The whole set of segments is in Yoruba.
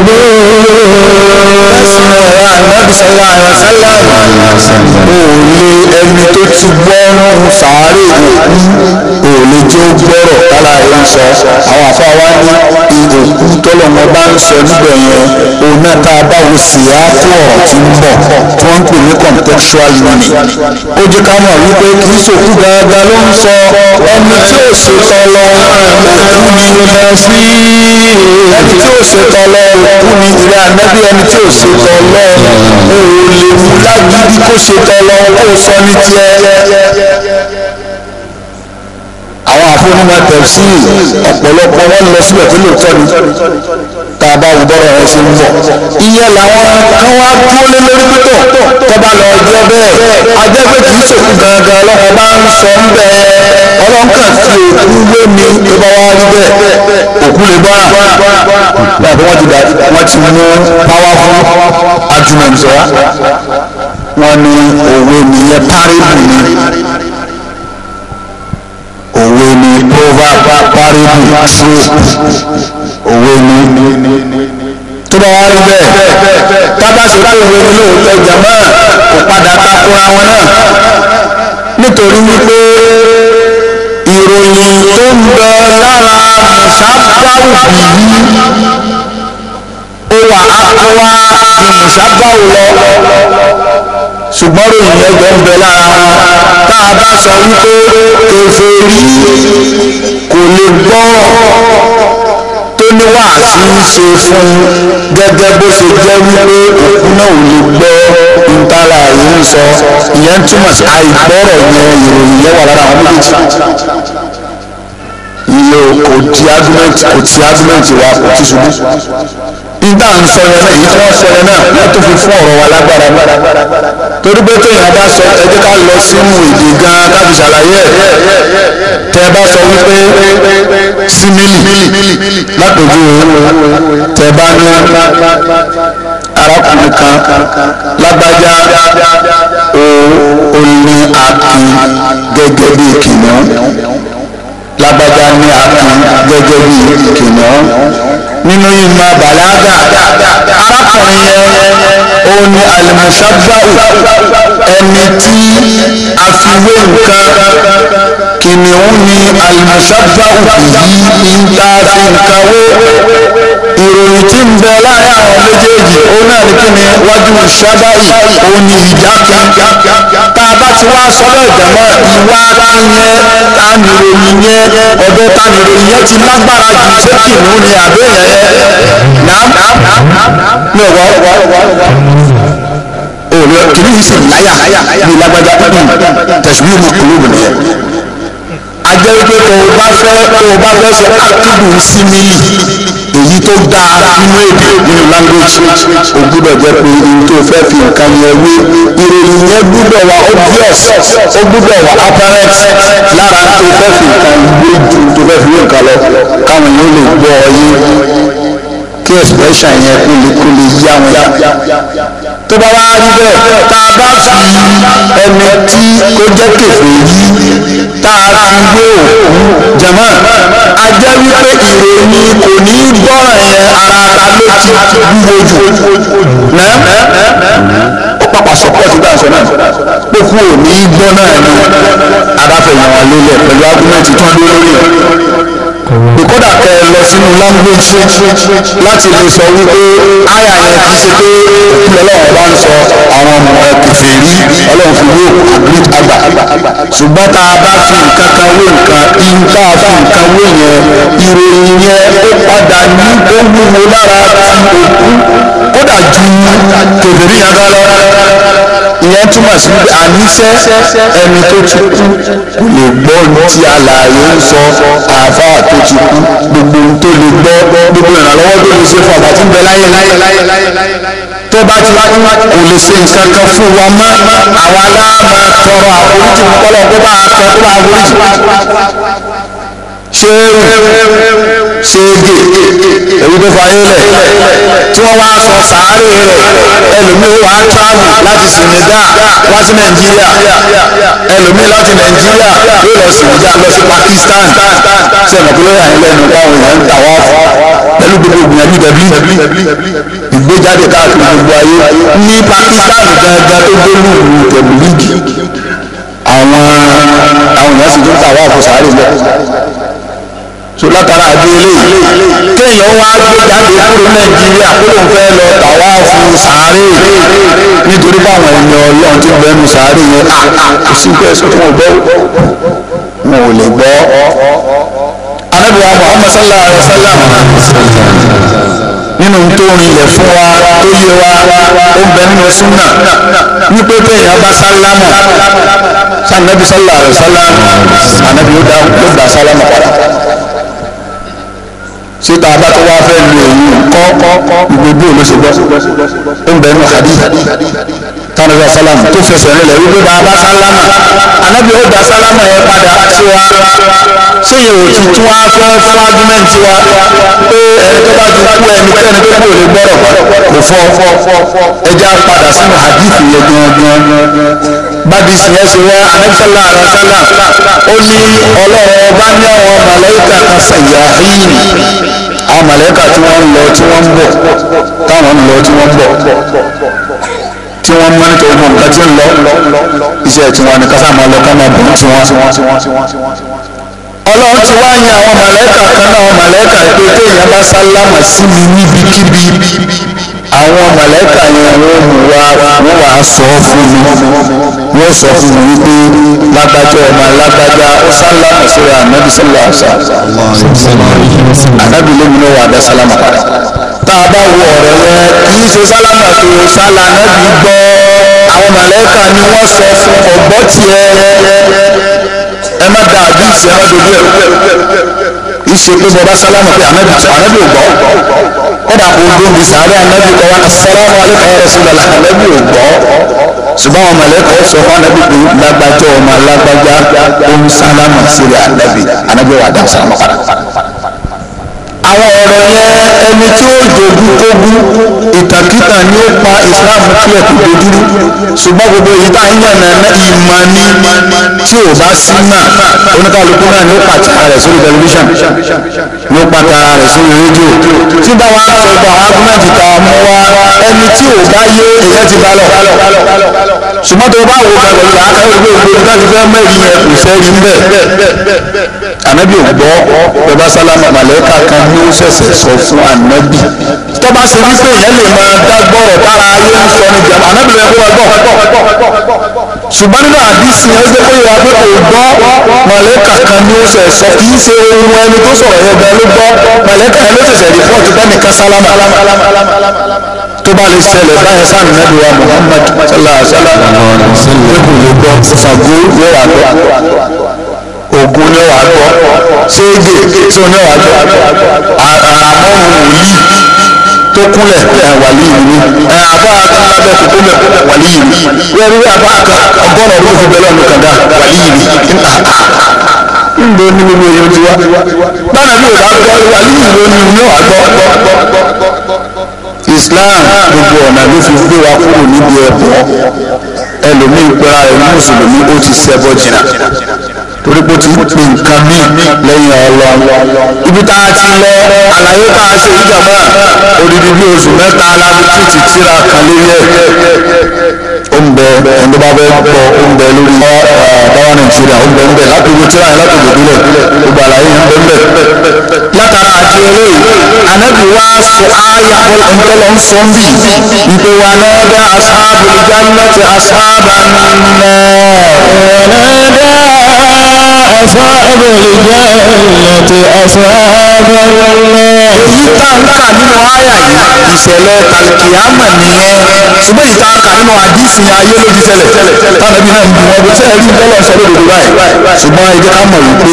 Ànábì sallallahu alaihi wasallam ò lé ẹni tó ti gbọ́ sàárè òkú bá yìí sọ àwọn àfáwa ní ìròkú tọ́lọ́mọ bá ń sọ níbẹ̀ yẹn òun náà tá a bá wo síyáàtú ọ̀rọ̀ tí ń bọ̀ tí wọ́n ń pè ní contextual learning ó jẹ́ ká mọ̀ wípé kì í ṣòkú dáadáa ló ń sọ ẹni tí ò ṣe tọ́lọ òkú ni ẹni tí ò ṣe tọ́lọ òkú ni ìrẹ́ ànábì ẹni tí ò ṣe tọ́lọ òun lè mú lágídí kó ṣe tọ́lọ kó sọ ní tiẹ̀ fún nínú tẹ̀sí ọ̀pọ̀lọpọ̀ wọn lọ síbẹ̀ tó lóòótọ́ ni tá a bá wù bọ́rọ̀ ẹ̀ ṣe ń bọ̀. ìyẹn làwọn kan wá dúró lé lórí pítọ̀ tó bá lọ jẹ́ bẹ́ẹ̀ ajẹ́ pé kì í ṣòkú gangan ọlọ́run bá ń sọ ń bẹ ọlọ́nkà tí òkú lé mi tó bá wá rí bẹ́ẹ̀ òkú lè bá yàtọ̀ wọ́n ti dà wọ́n ti mú powerful argument wá wọ́n ní òwe nìyẹn parable ni. paribu tú òwe ni tó bá wá rí bẹ́ẹ̀ tábàṣe pé òwe ni lóòótọ́ jàmá kò padà takora wọn náà nítorí wípé ìròyìn tó ń bẹ lára mùsábáwù yìí ó wà á wá ju mùsábáwù lọ ṣùgbọ́n ròyìn ẹgbẹ́ ń bẹ lára tá a bá sọ wípé kèfèrí kò lè gbọ́ tó ní wàásù ń ṣe fún gẹ́gẹ́ bó ṣe jẹ́ wípé òkú náà ò lè gbọ́ ìtara yìí ń sọ ìyẹn túmọ̀ sí àìgbọ́rọ̀ yẹn ìròyìn yẹn wà lára àwọn méjèèjì iye kò ti argument kò ti argument wa kò ti ṣubú nígbà ń sọ yẹn náà èyí tí wọ́n sọ yẹn náà wọ́n tó fi fún ọ̀rọ̀ wa lágbára torí pé téèyàn bá sọ ẹ jẹ́ ká lọ sínú èdè gan-an ká fi ṣàlàyé ẹ̀ tẹ́ bá sọ wípé símílì lápèjú tẹ́ bá ní arákùnrin kan lágbájá òun ni a kì gẹ́gẹ́ bí kìnìún lágbájá ní akin gẹ́gẹ́ bí kìnìún nínú ìmọ̀ bàlágà arákùnrin yẹn òun ni alimusabahu ẹni tí a fi wé nǹkan kìnìún ni alimusabahu yìí ń ta fi nǹkan wé ìròyìn tí ń bẹ láàárín àwọn méjèèjì kejì òun náà ni kíni wájú ṣábàyì òun ni ìjà kan tá a bá ti wá sọ bẹ́ẹ̀ jàmọ́ ìwà kan yẹn tániròyìn yẹn ọ̀dọ̀ tániròyìn yẹn ti lágbára jù ṣé kìnnìún ni àbẹ́yẹ yẹn nàá mi ò wọ́ olùwẹ̀ kìíní yìí sì láyà ní lágbájá tẹ̀síbí mu kúlúùbù nìyẹn. ajẹ́ wípé tó o bá fẹ́ tó bá fẹ́ sọ ákídùn símìlì èyí tó dáa nínú èdè nínú language o gbúdọ̀ jẹ́ pé ohun tó fẹ́ fi nǹkan yẹn wé ìròyìn yẹn gbúdọ̀ wà obvious ó gbúdọ̀ wà apparent lára tó fẹ́ fi nǹkan wé ju tó fẹ́ fi nǹkan lọ káwọn yóò lè gbọ́ ọ yé kí expression yẹn kó yá wọn yá tó bá wá rí bẹ́ẹ̀ tá a bá fi ẹni tí kò jẹ́ kèfèrí tá a fi gbé òkú jẹ̀mọ́ a jẹ́ wípé ìròyìn kò ní gbọ́ràn yẹn ara ta ló ti wúwo jù nẹ́ ó pàpà sọpọ́ọ̀tì bá a sọ náà pé kú ò ní í gbọ́ náà ni adáfẹ̀yìn wọn lélẹ̀ pẹ̀lú ágúmẹ́ǹtì tó ń lé lórí ẹ̀ kódà kẹ ẹ lọ sínú language láti lè sọ wípé àyà yẹn kì í ṣe pé òkú ọlọ́run bá ń sọ àwọn ọmọ ẹ kẹfẹ́ rí ọlọ́run fi wé àgbẹ̀ àgbà ṣùgbọ́n tá a bá fi nǹkan kan wé nǹkan in tá a fi nǹkan wé yẹn ìròyìn yẹn ó padà ní ó lára ti òkú kódà ju kẹfẹ́ rí yàrá lọ ìyẹn túmọ̀ sí pé àníṣẹ́ ẹni tó ti kú kò lè gbọ́ ohun tí alààyè ń sọ àáfà tó ti kú gbogbo ohun tó lè gbọ́ gbogbo ìrànlọ́wọ́ tó lè ṣe fún àbá tí ń bẹ láyé tó bá ti kú kò lè ṣe nǹkan kan fún wa mọ́ àwa láàmú tọrọ àforíjì kọ́lọ́ kó bá a tọ́ kó bá a foríjì ṣé ṣéégè èyí tó fa yín lẹ̀ tí wọ́n wá sọ sàárè rẹ̀ ẹlòmíì wà á travel láti Senegal wá Nàìjíríà ẹlòmíì láti Nàìjíríà yóò lọ Senegal lọ sí Pakistan sẹ́nu kúló yà ń lẹ́nu báwọn èèyàn ń tà wá fún pẹ̀lú gbogbo ìgbìyànjú tẹ̀blí ìgbéjáde káàkiri gbogbo ayé ní Pakistan gangan tó gbé lùlù tẹ̀blí àwọn àwọn èèyàn sì tún tà wá fún sàárè lẹ́kọ̀ọ́ so látara àjọ eléyìí kéèyàn wá gbé jáde kúrò nàìjíríà kó ló ń fẹ́ lọ tàwa fún sàárè nítorí báwọn ẹni ọlọ́run ti gbẹnu sàárè yẹn kò sí pé ẹsùn tí wọn gbọ́ wọn ò lè gbọ́. anábìyà muhammad sallallahu alayhi wa sallam nínú tó rinlẹ̀ fún wa tó yé wa ó bẹ nínú súnà ní pé téèyàn bá sálámù sànàbí sallallahu alayhi wa sallam ànàbí ó gbà sálámù padà ṣé tá a bá tó wá fẹ́ lu èyí kọ́ gbogbo ló ṣe gbọ́ ó ń bẹ nínú hadith tánàbí asálámù tó fẹsẹ̀ rẹ̀ wípé bá a bá sálámù anábì ó da sálámù yẹn padà sí wa ṣé yẹn ò ti tún wá fẹ́ fún ágúmẹ́ǹtì wa pé ẹni tó bá ti kú ẹnikẹ́ni tó kú ò gbọ́rọ̀ kò fọ́ ẹja padà sínú hadith yẹn gan-an bàbí ìsìnyẹ́ ṣe wá anẹ́bísọ́lá àrọ́sálà ó ní ọlọ́run ọba ní àwọn màlẹ́kà kan sẹ̀yà hìn àwọn màlẹ́kà tí wọ́n ń lọ tí wọ́n ń bọ̀ táwọn ń lọ tí wọ́n ń bọ̀ tí wọ́n mọ́ nítorí mọ́ nǹkan tí ń lọ iṣẹ́ tiwọn ni kásá máa lọ ká máa bọ̀ tiwọn. ọlọ́run ti wá yan àwọn màlẹ́kà kan náà àwọn pé téèyàn bá sálámà sí mi níbikíbi àwọn mọ̀lẹ́kà yẹn wọ́n mú wa wọ́n wà á sọ fún mi wọ́n sọ fún mi wípé lágbájá ọmọ alágbájá ó sálámù síra ànábì sílẹ̀ àṣà ànábì lèmi náà wà á dá sálámù padà tá a bá wo ọ̀rẹ́ rẹ kì í ṣe sálámù àti sálà ànábì gbọ́ àwọn mọ̀lẹ́kà ni wọ́n sọ fún ọ̀gbọ́ tiẹ̀ ẹ má da àbí ìṣẹ́ má dojú ẹ̀ kì í ṣe pé bọba sálámù pé anabi tí anabi ò gbọ́ kódà kò ń dóbi sàárẹ̀ anabi kọ́ wa asalaamu alaykum ya rasulallah anabi ò gbọ́ ṣùgbọ́n àwọn mọ̀lẹ́kọ̀ sọ fún anabi pé lágbájọ́ ọmọ alágbájá ó ń sálámù sílẹ̀ anabi anabi wà dá sálámù padà àwọn ọ̀rọ̀ yẹn ẹni tí ó dogun kógun ìtàkìtà ni ó pa Islam kílẹ̀ tó dojúrú ṣùgbọ́n gbogbo èyí tá à ń yànnà ìmọ̀ ni tí ò bá sí náà oníkàlùkù náà ni ó pa tara rẹ̀ sórí tẹlifíṣàn ni ó pa tara rẹ̀ sórí rédíò tí bá wa sọ gba argument tá mú wa ẹni tí ò bá yé èyẹ ti bá ṣùgbọ́n tó bá wò ó gbàgbọ́ ìlà akẹ́wé gbogbo ìgbà fẹ́ mẹ́rin yẹn kò fẹ́ rí bẹ́ẹ̀ anabi ò gbọ́ bẹ́ẹ̀ bá sálámà màlẹ́kà kan ní ó ṣẹ̀ṣẹ̀ sọ fún anabi tọ́ba ṣe wípé ìyẹn lè máa dá gbọ́rọ̀ tára ayé ń sọ ní jẹun anabi lè wọ́n gbọ́ ṣùgbọ́n nínú àdìsí yẹn ó gbé wa pé kò gbọ́ màlẹ́kà kan ní ó ṣẹ̀ sọ kì í ṣe ohun ẹni tó sọ̀rọ̀ yẹn gan ló gbọ́ màlẹ́kà yẹn ló ṣẹ̀ṣẹ̀ rìpọ́ọ̀tù bẹ́ẹ̀ nìkan sálámà tó bá lè ṣẹlẹ̀ báyẹn sáàmì nàbí wa Muhammad sallallahu alaihi wa sallam ogun ní wàá gbọ́ ṣéègè tó ní wàá gbọ́ àmọ́ wòlíì tó kúnlẹ̀ wàlíì ni àbá akálábẹ́ kò kúnlẹ̀ wàlíì ni wẹ́n rí àbá ọgọ́rọ̀ ọdún fún bẹ́lẹ̀ ọ̀nù kàdá wàlíì ni ndo ni gbogbo èyí ti wá bára bí o bá gbọ́ wàlíì ló ní ní wàá gbọ́ Islam gbogbo ọ̀nà ló fi gbé wa kúrò níbi ẹ̀bọ ẹlòmíì pẹ́ra ẹ̀ mùsùlùmí ó ti ṣẹbọ jìnnà torí pé ó ti pè nǹkan míì lẹ́yìn ọlọ ibi tá a ti lọ àlàyé tá a ṣe yíjàmbá odidi bíi oṣù mẹ́ta la fi títí tíra kan lórí ẹ̀ oúnjẹ ẹni bá fẹ́ gbọ́ oúnjẹ lórí báwa uh, nàìjíríà oúnjẹ ń bẹ láti owó tíra yẹn láti òdòdó rẹ̀ gbogbo àlàyé ń bẹ ń bẹ. látara àti eléyìí anabi wa sọ àyà ntọ́lọ́ ń sọ ń bì ìpè wà lọ́dẹ asáàbù ìjánlẹ́tì asáàbà nàá. lọ́dẹ asáàbù ìjánlẹ́tì asáàbà nàá. èyí tá n kà nínú àyà yìí ìṣẹ̀lẹ̀ kàlùkìyàmọ̀ nìyẹn ṣùgbọ́n ìta kà nínú àdìsí ìyẹn ayé ló ti ṣẹlẹ̀ tánàbí náà ń bí wọn bó ṣe ẹrí bọ́lọ̀ báyìí ṣùgbọ́n ẹ ká mọ̀ wípé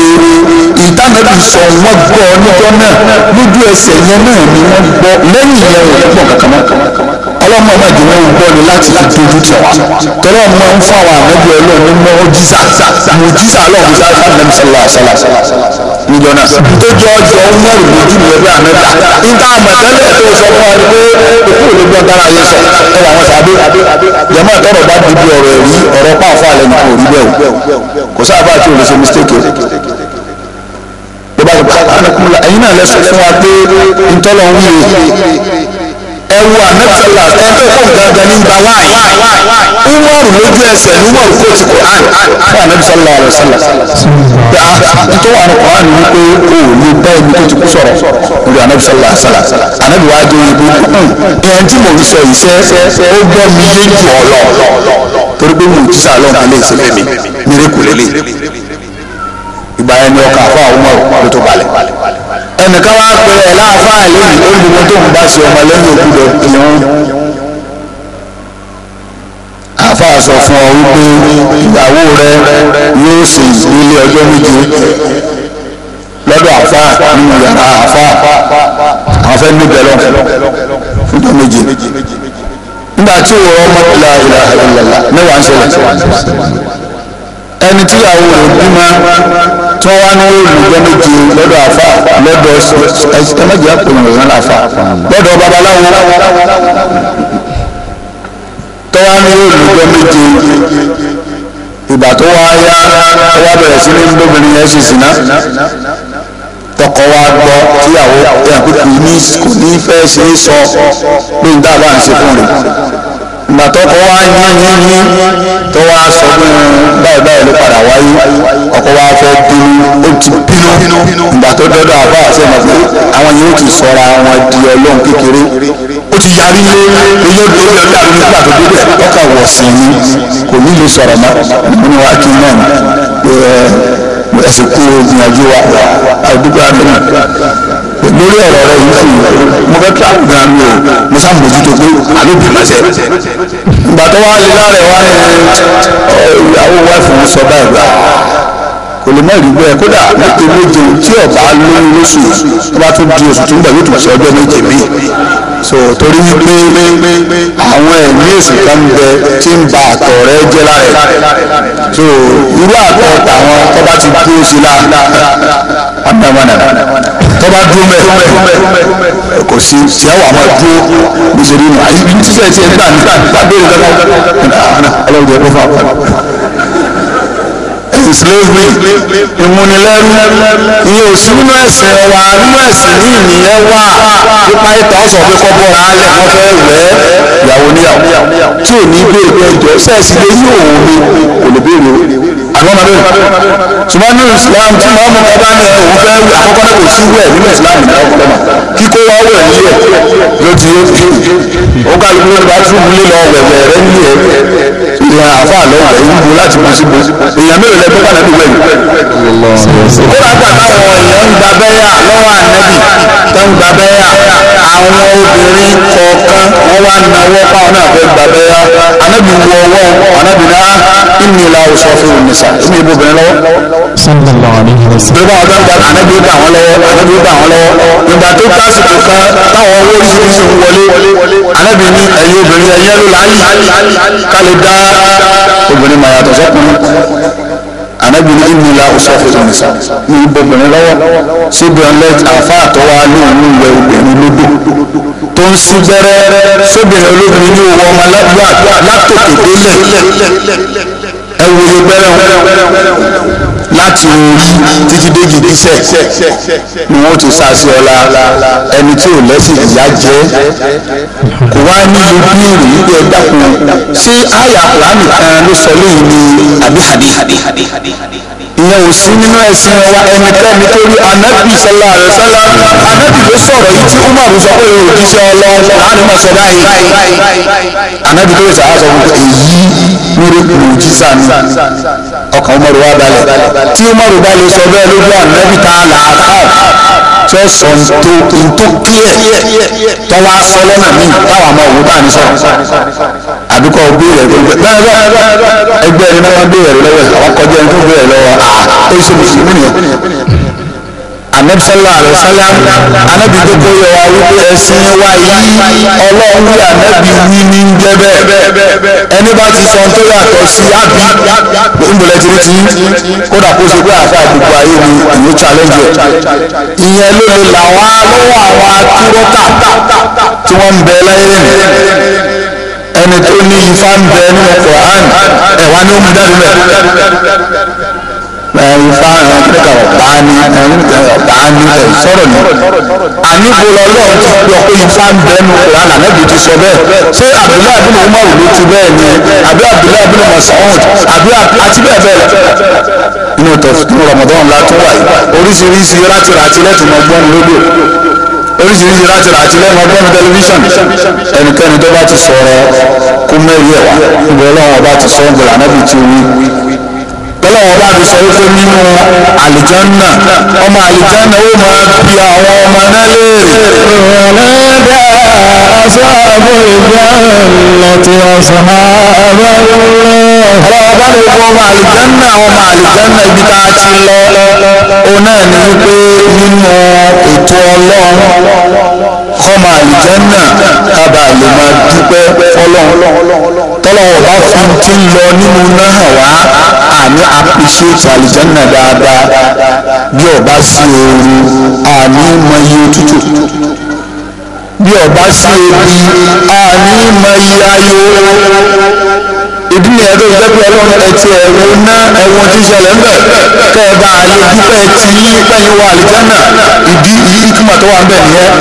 ìtànàbí sọ wọ́n gbọ́ níjọ́ náà lójú ẹsẹ̀ yẹn náà ni wọ́n gbọ́ lẹ́yìn ìyẹn ò ọlọ́mọ ọba jùlọ ń gbọ́ ni láti dojú tì wá tọ́lọ́ máa ń fún àwọn ànábì ọlọ́run ní mọ́jísà mọ́jísà ọlọ́run sáà sáà nàbí sọlá sọlá níjọ náà tó jọ jọ ń mọ̀ lójú mi ẹgbẹ́ àmẹ́ta níta àmọ̀tẹ́lẹ̀ tó sọ fún wa ni pé òkú ló gbọ́ dára yẹn sọ ẹ wà wọn sàbẹ̀ yẹmọ àtọ́rọ̀ bá di bí ọ̀rọ̀ ẹ̀rí ọ̀rọ̀ pàfọ́ àlẹ́ nìkan òrí bẹ́ẹ̀ o kò sáà bá a ti olùsọ mistake o bó bá yẹ kó ẹ̀yin náà lẹ́sọ̀ fún wa pé ntọ́lọ́ ń wúye ẹwu anabisala ẹfẹ fún gangan ní gba wáyé umaru lójú ẹsẹ̀ ní umaru kó ti quran fún anabisala alẹsala pé a tó wà ní quran ní pé o lè bá ẹni tó ti kú sọ̀rọ̀ lórí anabisala alẹsala anabi wa jẹ oyinbo ẹn tí mo fi sọ yìí sẹ ó gbọ́ mi yé jù ọ lọ torí pé mo ti sàlọ̀ nílé ìsẹ́lẹ̀ mi mire kù lélẹ̀ ìgbà yẹn ọkà fún àwọn umaru tó balẹ̀ ẹnìkan wá pé ẹ láàfáà lẹ́yìn olùdókòwò tó ń bá ṣe ọmọ lẹ́yìn òkú lọ ìrún àáfàá sọ fún ọ wípé ìyàwó rẹ yóò sì nílé ọjọ́ méje lọ́dọ̀ àáfàá nínú yàrá àáfàá àwọn fẹ́ níbẹ̀ lọ fúnjọ́ méje nígbà tí òwúrọ̀ ọmọ ìlà ìlà ìlà mẹ́wàá ń ṣẹlẹ̀ ẹni tíyàwó rẹ̀ bímọ tí wọ́n wá ní olùgbọ́ méje lọ́dọ̀ àfa lọ́dọ̀ ẹ̀mẹ́jì àpòyìn rẹ̀ náà àfa lọ́dọ̀ babaláwo tí wọ́n wá ní olùgbọ́ méje ìgbà tó wá yá tó wá bẹ̀rẹ̀ sí ní lóbìnrin yẹn ṣì sìná tọkọ wa gbọ́ tíyàwó ẹ̀ kò ní fẹ́ ṣe é sọ pé n dábàá ń ṣe fún rẹ̀. ìgbà tó kọ́ wá yín yín yín tó wá sọ báyìí báyìí ló padà wáyé ọkọ̀ wá fẹ́ bínú ó ti bínú ìgbà tó dọ́dọ̀ àbá àti ẹ̀mọ̀ pé àwọn yìí ó ti sọra wọn di ọlọ́run kékeré ó ti yarí lé eyín ó nígbà tó ọkọ̀ wọ̀ sí ni kò ní lè sọ̀rọ̀ mọ́ nínú ẹ̀sìn kúrò gbìyànjú wa àdúgbò lórí ọ̀rọ̀ rẹ yìí sì mo fẹ́ tíra gan mi o mo sá mójútó pé àló bí ma ṣe. ìgbà tó wá lé lára ẹ̀ wá ní ìyàwó wáìfù sọ báyìí gbà lè má rí bẹ́ẹ̀ kódà nípe méje tí ọ̀bá lóyún lóṣù tó bá tún di oṣù tó ń bọ̀ yóò tún ṣe ọjọ́ méje míì so torí wípé àwọn ẹ̀mí èsì kan bẹ tí ń ba àtọ̀ rẹ jẹ́ lára ẹ̀ so irú àtọ̀ tàwọn tó bá ti dúró sí la anamana tó bá dúró mẹ́ kò sí tí a wà máa dúró nítorí nù àyè tí sẹ́yìn tí ẹ gbà nígbà bá béèrè kankan ọlọ́run jẹ́ kó fà wọ́n enslavement ìmúnilẹ́rú ìyẹn ò sí nínú ẹ̀sìn wa nínú ẹ̀sìn ní ìnìyẹn wà nípa ìtàn ọ̀sán pé kọ́ bọ́ra alẹ́ wọn fẹ́ rẹ̀ ìyàwó níyàwó tí ò ní béèrè pé ẹjọ́ sẹ́ẹ̀sì lé ní òun ni kò lè béèrè àwọn ọmọdé ṣùgbọ́n nínú Islam tí màá mú ọba ní òun fẹ́ àkọ́kọ́ náà kò sí wẹ̀ nínú Islam náà ọ̀pọ̀ mọ̀ kíkó wá wẹ̀ nílẹ̀ ló ti ó kálukú ló ti bá tún mú lílọ wẹ̀wẹ̀ rẹ nílẹ̀ àfa àlọ́wọ̀ ẹ̀ wúwo láti bó síbo èèyàn mélòó lẹ tó bá nàbí wẹ̀yìn. ìkóra gbà táwọn èèyàn ń gba bẹ́yà lọ́wọ́ ànábì tó ń gba bẹ́yà àwọn obìnrin kọ̀ọ̀kan wọ́n wá nawọ́ fáwọn náà fẹ́ gba bẹ́yà ànábì wọ ọwọ́ ànábì náà ìmì ìlà òṣọ fún nìsa ìmì ìbò obìnrin lọ́wọ́. bí wọ́n bá gba ànábì gbà wọ́n lọ́wọ́ ànábì gbà wọ́n lọ́wọ́ ìgbà tó tásìkò kan táwọn obìnrin máa yàtọ̀ sọ́kùnrin anabi ní ìlú la ọsọ fìdánì sá ní ibò obìnrin lọ́wọ́ síbi ọlẹ àfa àtọwà lóòrùn ìwẹ obìnrin lódò tó ń sí gbẹrẹ sóbìnrin olóbìnrin ní owó ọmọ alágbà látòkè délẹ̀ ẹ wòye gbẹrẹ láti orí títí dé gìgísẹ̀ ni wọ́n ti sá sí ọlá ẹni tí ò lẹ́sìn ìyá jẹ́ kò wá ní gbogbo èrò yìí pé ẹ dákun ṣé àyà kùránì kan ló sọ lẹ́yìn ní àbí hadi ìyẹn ò sí nínú ẹ̀sìn wa ẹnikẹ́ni tó rí anabi sallallahu alaihi wasallam anabi ló sọ̀rọ̀ yìí tí umar sọ pé òjíṣẹ́ ọlọ́run láàrin mọ̀ sọ báyìí anabi tó sọ àwọn sọ pé èyí lórí òjíṣà mi ọkàn umar wà balẹ̀ tí umar bá lè sọ bẹ́ẹ̀ lójú anabi tá a là á kọ́ tí ó sọ ntó ntó clear tọ́wọ́ aṣọ lọ́nà míì táwọn ọmọ òwú báà ní sọ̀rọ̀ àdúgbò béèrè rẹ bẹ́ẹ̀ bẹ́ẹ̀ ẹgbẹ́ ẹni náà wọ́n béèrè lọ́wọ́ àwọn kọjá ẹni tó béèrè lọ́wọ́ àà ó ṣe mùsùlùmí nìyẹn anabisala alasala anabi gbogbo yọ wa wípé ẹ̀sìn wa yìí ọlọ́run wí anabi wí ní jẹ́bẹ̀ ẹni bá ti sọ tó yàtọ̀ sí àbí ìmùlẹ̀ tìrìtì kódà kó ṣe pé àfa gbogbo ayé ni ìlú challenge ìyẹn ló lè là wá lọ́wọ́ àwọn atúrọ́tà tí wọ́n ń bẹ láyé rẹ̀ ẹni tó ní ifá ń bẹ nínú Quran ẹ̀ wá ní ó mú dáadáa ìfà ẹ̀ka ọ̀bání ọ̀bání sọ̀rọ̀ ni àníbo lọ́lọ́run ti gbọ́ pé ifá ń bẹnu Kùránì ànábì ti sọ bẹ́ẹ̀ ṣé Abdullahi bin Umar ló ti bẹ́ẹ̀ ni àbí Abdullahi bin Mas'ud àbí àti bẹ́ẹ̀ bẹ́ẹ̀ inú tọ̀fún Ramadan la tún wáyé oríṣiríṣi rátìrátì lẹ́tùmọ̀ gbọ́n lódò oríṣiríṣi láti rà àti lẹ́nu ọgbọ́n tẹlifíṣàn ẹnikẹ́ni tó bá ti sọ̀rọ̀ kó mẹ́rin ẹ̀ wá ìgbọ́ ọlọ́run ọba ti sọ ọ́n gbọ́dọ̀ ànábì tí ó wí lọ́lọ́wọ́ bá fi sọ wípé nínú àlìjánná ọmọ àlìjánná ó máa bi àwọn ọmọ náà léèrè. ọ̀nàdà aṣáájú ìjánná ti ọ̀sán àbẹ̀wò. ọlọ́wọ́ bá ní gbogbo ọmọ àlìjánná ọmọ àlìjánná ibi tá a ti lọ òun náà ní wípé nínú ètò ọlọ́run kọ́mọ àlùjànnà kábà lè máa dúpẹ́ fọlọ́n tọ́lọ́wọ́ bá fún tí ń lọ nínú náà wá àní àpèṣètò àlùjànnà dáadáa bí ọba sí ooru àní mọyì òtútù bí ọba sí ebi àní mọyì ayọ̀ ìdí ni ẹ̀rọ ìjẹ́pẹ́ ọlọ́run ẹtì ẹ̀wọ̀n ná ẹ̀wọ̀n tí ṣẹlẹ̀ ń bẹ̀ kẹ́ ẹ bá lè dúpẹ́ tí yín pẹ́yìn wọ àlìjánà ìdí yìí túmọ̀ tó wà ń bẹ̀ nìyẹn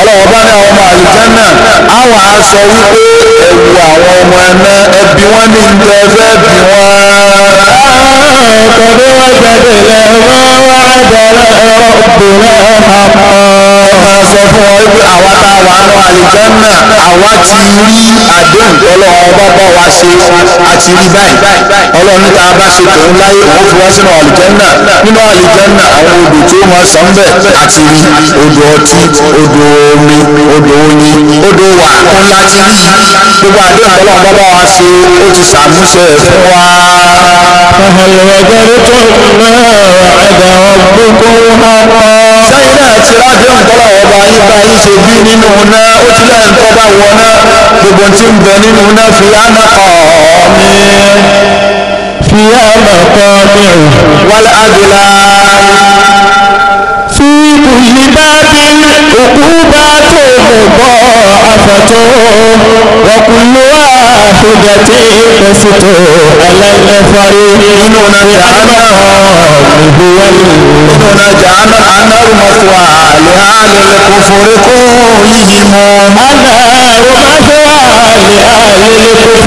ọlọ́wọ́n bá ní àwọn ọmọ àlìjánà àwọn á sọ wípé ẹ̀wù àwọn ọmọ ẹ̀ná ẹbí wọn ní ìjọ ẹfẹ́ bí wọn. ọkọ̀ bí wọ́n ṣẹ̀dẹ̀ lẹ́wọ́ wá máa sọ fún wọn wípé àwa tá a wà nù àlìjánà àwa ti rí àdéhùn ọlọ́run ọba bá wa ṣe a ti rí báyìí ọlọ́run tá a bá ṣe tòun láyé òun fi wá sínú àlìjánà nínú àlìjánà àwọn odò tí ó máa sàn bẹ́ẹ̀ àti rí odò ọtí odò omi odò oyin odò wà kún láti rí gbogbo àdéhùn ọlọ́run bá bá wa ṣe ó ti ṣàmúṣe ẹ̀ fún wa. فهل وجدتم ما وعد ربكم حقا سيداتي راجع bọ́lá ọba yín bá yín ṣe bí nínú náà ó ti lẹ́yìn tó bá wọ náà gbogbo tí ń bẹ nínú náà fi àná kọ́ mi. fi àná kọ́ mi. wàlẹ́ àdìlá kùlì bá bí òkú bá tó bọ̀ àfàtó wọ́kùnlú àfìdẹ̀tì pẹ̀sìtò ẹlẹ́gbẹ̀fọ́rí nínú na jàánà ìgbéyàwó nínú na jàánà anárù mọ́tòwà lẹ́hàlẹ́ kò forí kó yìí mọ́. anárù mọ́tòwà lẹ́hàlẹ́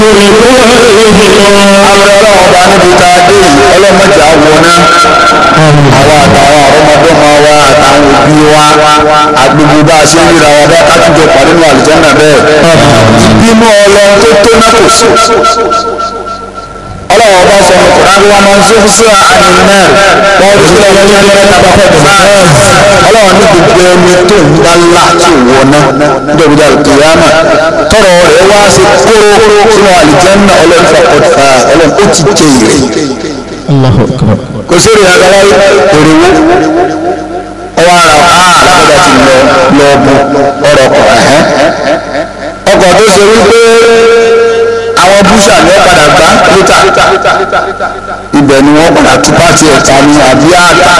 abẹ́rẹ́ ọba níbi tá a dé yìí ọlọ́mọdé àwọná àwọn àtàwọn ọmọdọ́mọ wa àtàwọn òbí wa agbègbè bá a ṣe ń ríra wa bá a tún jọ pàdé nínú àlùjànnà bẹ́ẹ̀ bínú ọlọ́run tó tó náà kò sí ọlọ́wọ́ bá sọ ní kùránì wọn máa ń ṣe fún síra àmì náà wọ́n fi lọ ní ẹgbẹ́ tàbí ọlọ́wọ́ ní gbogbo ẹni tó ń bá là tí ò wọ náà níbi dàrú kìyàmà tọrọ rẹ wá sí kóró sínú àlìjẹ́nà ọlọ́nfà ọ̀tà ọlọ́n ó ti jẹ ìrè. kò sí ìrìn àgbà láyé èrèwó ọwọ́ ara ọ̀hán ah, ti lọ lọ ọ̀rọ̀ ọkọ̀ ọkọ̀ tó ṣe wípé àwọn búṣà ni wọ́n padà gbá lítà ibẹ̀ ni wọ́n padà tú pàṣẹ ẹ̀ta ní àbí àtà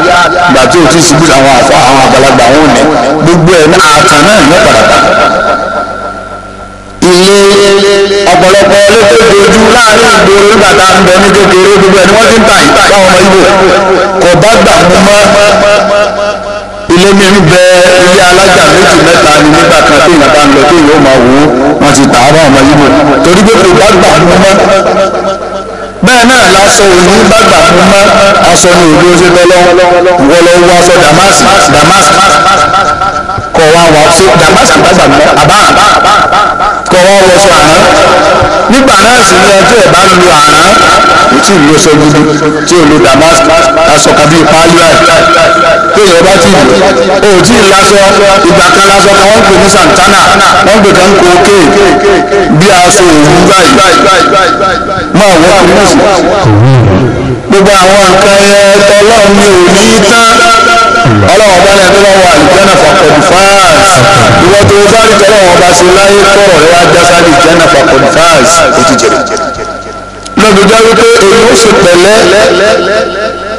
ìgbà tí o ti ṣubú àwọn àfa àwọn àgbàlagbà wọn nẹ gbogbo ẹ̀ náà àtàn náà ni wọ́n padà gbá. ilé ọ̀pọ̀lọpọ̀ olókèdè ojú láàrin ìgboro nígbà tá a ń bẹ ní kékeré gbogbo ẹ̀ ni wọ́n ti ń tà yìí báwọn ọmọ ibo kò bá gbà mú mọ́ mo ní ń bẹ ilé alájà méjì mẹ́ta ni nígbà kan tó yìnbọn bá ń lọ tó yìnbọn máa wò ó wọn ti tà á bá ọmọ yìí mọ torí pé kò bá gbà mú mọ́ bẹ́ẹ̀ náà lásọ òní bá gbà mú mọ́ aṣọ ni òbí ó ṣe lọ́lọ́ wọ́n aṣọ damask damask kọ̀ wá wà ṣe damask bá gbà mú mọ́ àbá àbá àbá àbá kọ́ wọ́n wọṣọ àná nígbà náà sì ni ẹjọ́ ẹ̀ bá lu àná kò tí ì lọṣọ gidi tí ò lo damask aṣọ kan bíi pálíà tó yẹ bá ti lò ó tí ì láṣọ ìgbà kan láṣọ kan wọ́n pè ní santana wọ́n pè kan kó ké bí aṣọ òwú báyìí máa wọ́n fi gbogbo àwọn nǹkan ẹ̀ tọ́lọ́ mi ò ní tán ọlọ́wọ́ bá lẹ́nu tó bá wà àlùjẹ́nà fàkọ̀dù fáàs ìwọ́n tó bá rí tọ́lọ́wọ́ bá ṣe láyé tọ̀rọ̀ rẹ wá já sáré ìjẹ́nà fàkọ̀dù fáàs ó ti jẹ̀rẹ̀. lọ́dún jẹ́ wípé èyí ó ṣe pẹ̀lẹ́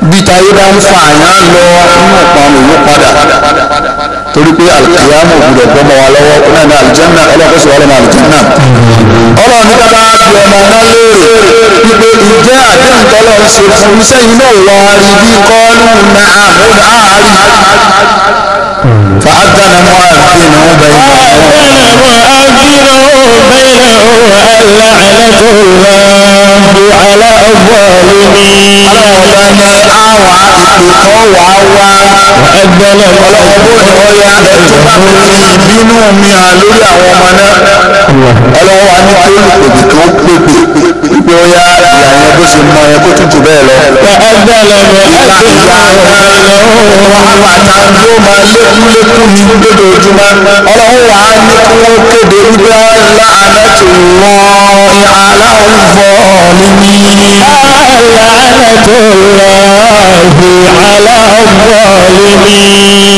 bíi táyé bá ń fa àyàn lọ nínú ọ̀pọ̀ àwọn òyìnbó padà torí pé alikiyamu gbọ́dọ̀ gbọmọ wa lọ́wọ́ náà ní alijanna ọlọpàá sọ̀rọ̀ ní alijanna Ọlọ́run ní bàbá bí ọmọ náà léèrè wípé ìjẹ àdéhùn ń ṣe fún iṣẹ́ yìí náà wà á rí bí kọ́ọ́lù náà àárín فأذن مؤذن بينهم على الظالمين ọlọ́wọ́ bá ní àwọn ìpè kan wà wá ẹgbẹ́ lọ́wọ́ ọlọ́wọ́ ni wọ́n yá ẹ̀tọ́ bá mi ní ìbínú mi hàn lórí àwọn ọmọ náà ọlọ́wọ́ wa ní pé ìpèkì tó pèpè pípé ó yá ìyá yẹn bó ṣe mọ yẹn kó tún jù bẹ́ẹ̀ lọ. ẹgbẹ́ lọ́wọ́ ẹgbẹ́ lọ́wọ́ ìyá ìyá àwọn àtàwọn yóò máa lé lékún ní lójoojúmọ́ ọlọ́run wà á ní kí wọ́n kéde wípé láàánẹ́tù lọ́ọ̀rì aláǹfọ̀ọ́lìmí. láàánẹ́tù lọ́ọ̀rì aláǹfọ̀ọ́lìmí.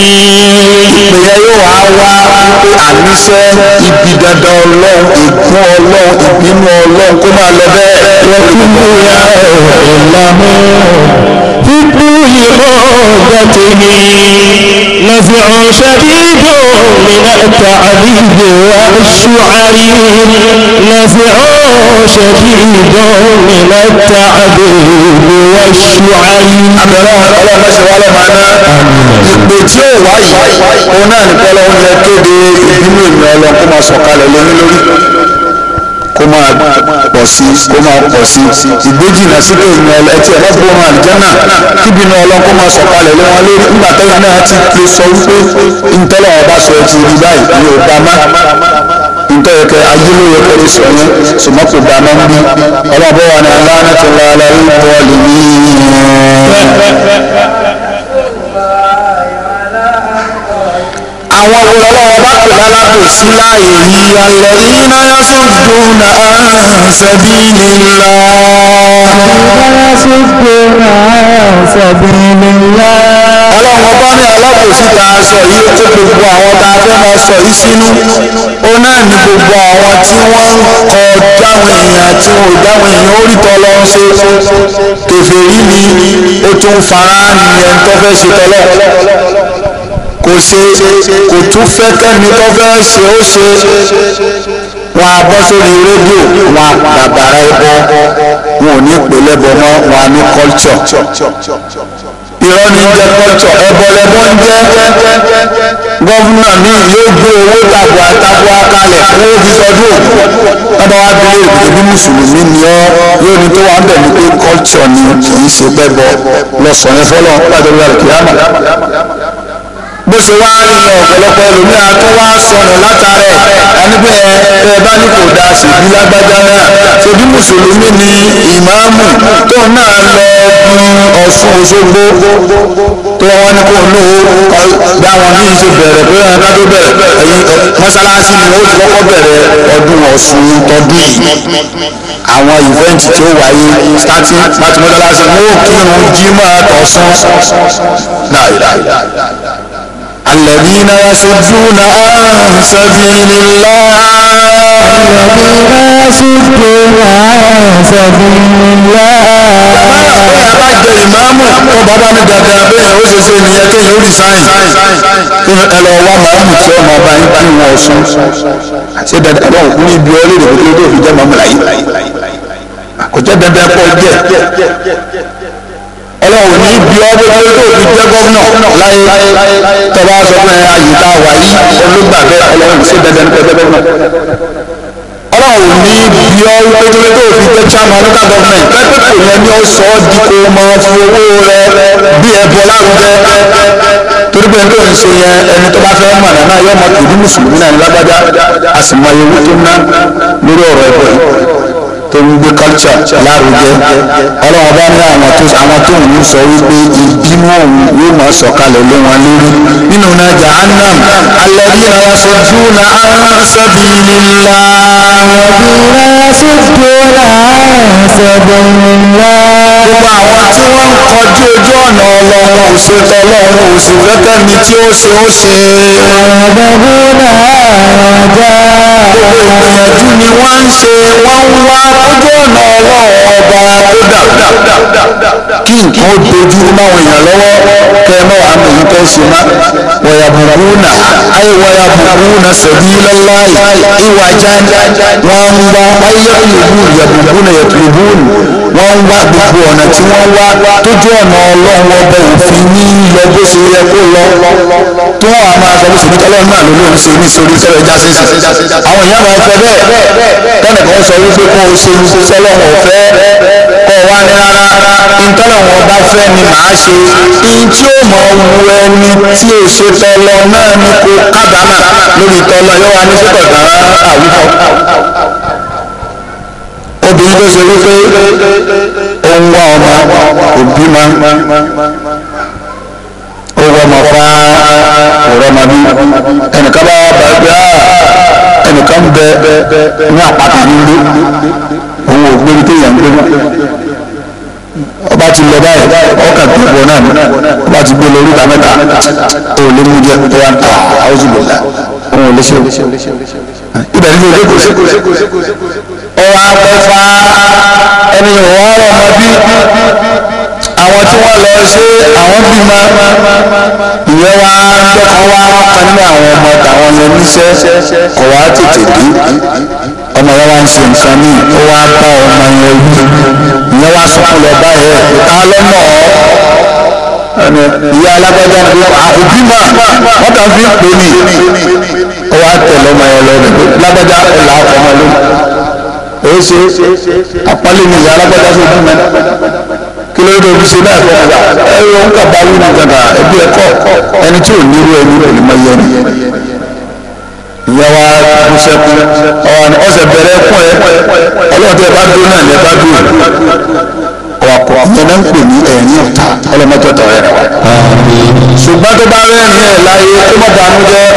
ìpìlẹ̀ yóò wá wá wípé àníṣe ibi dandan ọlọ́run ègún ọlọ́run ìbínú ọlọ́run kó máa lọ bẹ́ẹ̀. yẹ kí ni ìyá ẹ̀ ẹ̀ lámú. لعقوبته نزع شديد من التعذيب والشعر نزع شديد من التعذيب والشعر abẹ́rẹ́ ọlọ́run ṣe wá lọ́mọ aná ìpè tí ó wáyé òun náà nìkan lọ́wọ́ yẹ kéde ìbínú ìmọ̀ ọlọ́run kó máa sọ̀kalẹ̀ lórí lórí kó máa pọ̀ sí kó máa pọ̀ sí ìgbéjìnà sílẹ̀ ìyẹn ẹtì ẹ̀ lọ́pọ̀ ohun àlùjánà kíbi náà ọlọ́kọ́ máa sọ̀kalẹ̀ lé wọn lé nígbà tẹ́yìn náà ti lè sọ wípé ntọ́lọ̀ ọba sọ ẹ ti rí báyìí ní ọba má ntọ́yẹkẹ ayélujára kẹrẹ sọ yẹn ṣùgbọ́n kò dá máa ń bí ọlọ́bọ̀ wà ní alánàtúlá aláwọ̀ ìtọ́ọ̀lì ní ìyẹn. àwọn olùrànlọ́wọ́ bá pè lálàbò sí láàyè yìí alẹ́ iná yá sódò náà ṣẹ̀bí nílá. ìdára sódò náà ṣẹ̀bí nílá. ọlọ́run ọba ní alábòsí tá a yìí ó gbogbo àwọn tá a fẹ́ máa sọ yìí sínú ó náà ní gbogbo àwọn tí wọ́n ń kọ dáhùn èèyàn tí wọn ò dáhùn èèyàn ó rí tọ́lọ́ ń ṣe kèfèrí ni ó tún fara ní ẹni tó fẹ́ ṣe tọ́lọ́ kò ṣe kò tún fẹ́ kẹ́ni tó fẹ́ ṣe ó ṣe wọn a bọ́ sórí rédíò wọn a bàbàrà ẹbọ wọn ò ní ìpìlẹ̀ bọ̀ mọ́ wọn a ní culture irọ́ ni jẹ́ culture ẹbọ lẹ́bọ̀ ń jẹ́ gọ́fúnà mi yóò gbé owó tàbùà tàbùà kalẹ̀ fún òbísọdún ọba wa bí èbí mùsùlùmí ni ọ yóò ní tó wà ń bẹ̀ ní pé culture ni kì í ṣe bẹ́ẹ̀ bọ lọ sọ̀rọ̀ fọlọ́ pàtó bó ṣe wá rí ní ọ̀pọ̀lọpọ̀ ẹlòmíà tó wá sọnù látara ẹ̀ àníbẹ̀ ẹ bá ní kò dáa ṣèbí lágbájá náà ṣèbí mùsùlùmí ni ìmáàmù tó náà lọ bí Ọ̀ṣun Òṣogbo tó wọ́n ní kó ní o bí àwọn míì ṣe bẹ̀rẹ̀ pé ẹ̀ka tó bẹ̀rẹ̀ ẹ̀yìn mọ́ṣáláṣí ni ó ti kọ́kọ́ bẹ̀rẹ̀ ọdún Ọ̀ṣun tọdún yìí àwọn ìfẹ́ǹtì tí ó wáyé starting láti mọ́ṣáláṣí ni ó kírun jímọ̀ tọ̀sán láìláìláìláì الذين يصدون عن سبيل الله الذين يصدون عن سبيل الله bẹ́ẹ̀ ìmáàmù tó bàbá ní dandan bẹ́ẹ̀ ó ṣe ṣe nìyẹn kéèyàn ó resign kí ẹ lọ wá màámù tí ọmọ ọba yín kí wọn sún àti dandan náà kú níbi ọlẹ́rìí kó tó jẹ́ màámù láyé kò dandan pọ̀ jẹ́ ọlọ́run ní bí ọdún tó tó fi jẹ́ gómìnà láyé tọ́ba sọ fún ẹ olùgbà bẹ́ẹ̀ ọlọ́run ṣe dandan pẹ́ jẹ́ ọlọ́run ní bí ọdún tó fi jẹ́ chairman local government pẹ́pẹ́pẹ́ yẹn ni ó sọ ọ́ di kó máa fi owó rẹ bí ẹbọ lárugẹ torí pé tó ń ṣe yẹn ẹni tó bá fẹ́ mọ̀ náà yọ ọmọ kìdí mùsùlùmí náà ní lágbájá a sì mọ ewu tó ná lórí ọ̀rọ̀ ẹ̀kọ́ yìí tó ń gbé culture lárugẹ ọlọ́run bá ní àwọn tó àwọn tó ń sọ wípé ìbínú òun yóò máa sọ̀kalẹ̀ lé wọn lórí nínú náà jahannam alladhina yasudduna an sabilillah wọ́n bí rẹ́ ṣùgbọ́n àṣẹ̀bọ̀ ńlá. gbogbo àwọn tí wọ́n ń kọjú ojú ọ̀nà ọlọ́run kò ṣe tọ́lọ́run kò sì fẹ́kẹ́ mi tí ó ṣe ó ṣe. àbẹ̀bọ̀nà àjà. gbogbo ìgbìyànjú ni wọ́n ń ṣe wọ́n ń wá ojú ọ̀nà ọlọ́run ọba kódà kí nǹkan ó dojú máwọn èèyàn lọ́wọ́ kẹ́ ẹ mọ́ àmì yìí tó ń ṣe má wọ̀yàbùrúnà ayé wọ̀yàbùrúnà sẹ̀bí lọ́láì ìwà jáde wọ́n ń wá ayé yẹ̀bùn yẹ̀bùn yẹ̀bùn wọ́n wá gbogbo ọ̀nà tí wọ́n wá tójú ọ̀nà ọlọ́run ọbẹ̀ òfin ní lọ bó ṣe yẹ kó lọ tó wọn a máa sọ bó ṣe ní tọ́lọ́run náà ló lóun ṣe ní sórí sọ́rọ̀ ẹja sísè àwọn èèyàn máa fẹ́ bẹ́ẹ̀ tẹ́nìkan sọ wípé kó o ṣe sọ́lọ́run ọ̀fẹ́ kọ́ wa ní rárá ntọ́lọ́run ọba fẹ́ ni màá ṣe in tí ó mọ̀ wu ẹni tí ò ṣe tọ́lọ náà ni kó kábàámà lórí tọ́lọ obìnrin tó ṣe wípé ó ń wá ọmọ òbí ma ó wọ ọmọ fá ọ̀rọ̀ ma bí ẹnìkan bá bá gbé á ah, ẹnìkan bẹ ní àpáta nílé òun ò gbé ní téèyàn gbé ọba ti lọ báyìí ọkà tó gbọ náà ọba ti gbé lórí ìta mẹ́ta tó lé mú jẹ tó wà ń ta àwọn ah, òṣùlù òun ò lè ṣe ibẹ̀ ní ojú kò sí ọwọ́ akọfà ẹni ìwọ́ ọ̀rọ̀ ọmọdé àwọn tí wọ́n lọ ṣe àwọn bímọ ìyẹn wá dọ́kan wá kan ní àwọn ọmọ tàwọn yẹn níṣẹ́ kọ̀ wá tètè dé ọmọ yẹn wá ń ṣe nǹkan míì ó wá bá ọmọ yẹn wí ìyẹn wá sọkún lọ báyẹn ta lọ́nà ìyá alágbájá ah, ń bọ àbùbí ọ wọn kàn fi pè ní ọ wá tẹ̀lé ọmọ yẹn lọ lágbájá ọ̀là ọmọ ló èyí ṣe àpálẹ̀ ní ìyá alágbájá ṣe fún mi kí ló dé ṣe náà ẹ ní ẹbí ẹ kọ ẹni tí ò ní irú ẹni rẹ lè yẹ ni ìyá wa kú ọ̀sẹ̀ bẹ̀rẹ̀ ẹ ọlọ́ọ̀tẹ̀ bá náà bá wa kò fẹ́lẹ́ ń pè ní ẹ̀rín ọ̀tá ọlọ́mọdé ọ̀tá rẹ̀ wá. ṣùgbọ́n tó bá rẹ́rìn ẹ̀ láyé kó má banújẹ́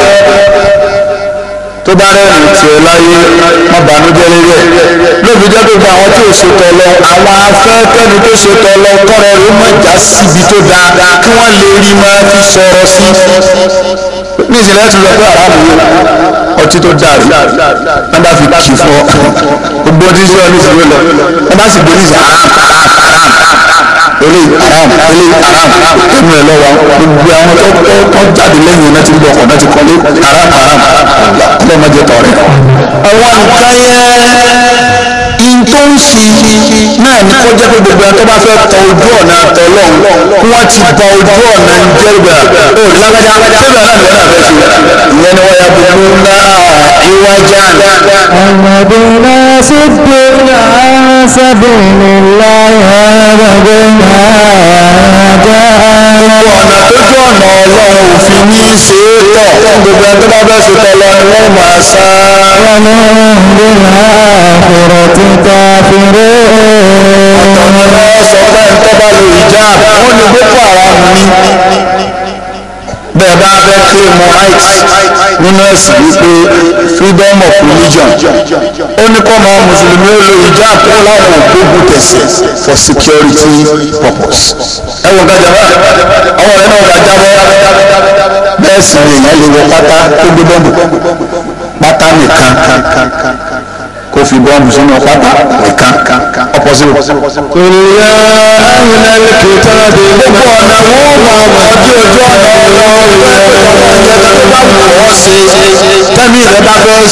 tó bá rẹ́rìn tiẹ̀ láyé má banújẹ́ lórí ẹ̀ lóbi jẹ́ gbogbo àwọn tí ò ṣe tọ̀lọ àwọn afẹ́kẹ́ni tó ṣe tọ̀lọ kọ́rọ̀ rẹ̀ mọ̀ já síbi tó dáa kí wọ́n lè rí máa fi sọ̀rọ̀ sí ní ìsìnlẹ̀ ti lọ pé àràmù ọtí tó dáa rí wọ́n bá fi kì fún ọ gbogbo ọtí sí ọ ní ìsìnlẹ̀ lọ wọ́n bá sì gbé ní ìsìnlẹ̀ eléyìí haram eléyìí haram inú ẹ lọ́wọ́ gbogbo àwọn tó tó jáde lẹ́yìn náà ti ń bọ̀kọ̀ náà ti kọ́lé haram haram ọlọ́mọdé tọ̀ àwọn nǹkan yẹn in tó ń fi náà ní kó jẹ́ pé gbogbo ẹ̀ tó bá fẹ́ tọ ojú ọ̀nà àtọ̀lọ́hún kí wọ́n ti ba ojú ọ̀nà ń jẹ́ gbà ó lágbájá sébẹ̀ náà ni wọ́n náà fẹ́ ṣe ìyẹn ni wọ́n ya bọ̀ mú ná ìwájà. ọmọdé náà sì gbé àṣàbẹ̀ nílá ọmọdé náà jẹ́ gbogbo ọ̀nà tójú ọ̀nà ọlọ́run òfin ní í ṣe é tọ̀ gbogbo ẹ̀ tó bá fẹ́ ṣe tọ̀ lọ ni wọ́n máa sá. wọ́n ní ìlú náà kúrò tó kàfíró. ọ̀tọ̀ ni wọ́n sọ bẹ́ẹ̀ tó bá lo hijab wọ́n ní boko haram ni bẹ́ẹ̀ bá bẹ́ẹ̀ kílè mọ́ height nínú ẹ̀sìn wípé freedom of religion ó ní kọ́ máa mùsùlùmí ó lo hijab kó láwọn ògbógun tẹ̀sẹ̀ for security purpose. ẹ wọ gbàjà bá ọwọ́ rẹ náà gbàjà bọ́ bẹ́ẹ̀ sì ni èèyàn lè wọ pátá tó gbé bọ́ǹbù pátá nìkan fi bọ́ọ̀mù sínú pátá nìkan ọ̀pọ̀síwò. kòlíyà àyìnlá kìtà dé. gbogbo ọ̀nà wo máa mọ̀ ní ojú ọ̀nà ọ̀rọ̀ tẹ́mi rẹ̀ fẹ́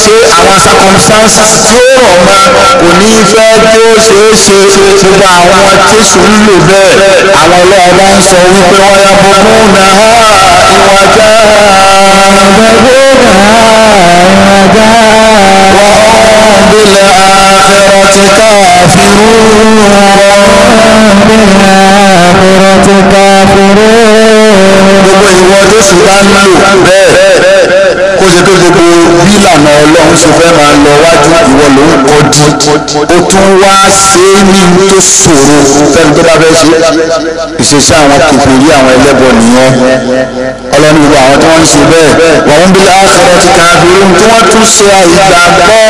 ṣe àwọn circumstances tí ó rọ̀ mọ́ kò ní fẹ́ tí ó ṣe é ṣe gbogbo àwọn tíṣù ń lò bẹ́ẹ̀ àwọn ọlọ́ọ̀bá ń sọ wípé wọ́n yà bọ̀ mú náà ìwà jẹ́ àgbẹ̀wò. هذا وهم بالآخرة كافرون وهم بالآخرة كافرون gbogbo ìwọ tó sì bá ń lò bẹ́ẹ̀ ó ṣe tó gbogbo bí ìlànà ọlọ́run ṣe fẹ́ máa lọ wájú ìwọ ló ń kọ́ di ó tún wá ṣe é ní tó ṣòro fẹ́ni tó bá fẹ́ ṣe ìṣesí àwọn kòkòrí àwọn ẹlẹ́bọ nìyẹn ọlọ́run gbogbo àwọn tí wọ́n ń ṣe bẹ́ẹ̀ wọ́n ń bí láàkàrẹ́ ti kàn bí ohun tí wọ́n tún ṣe àìgbàgbọ́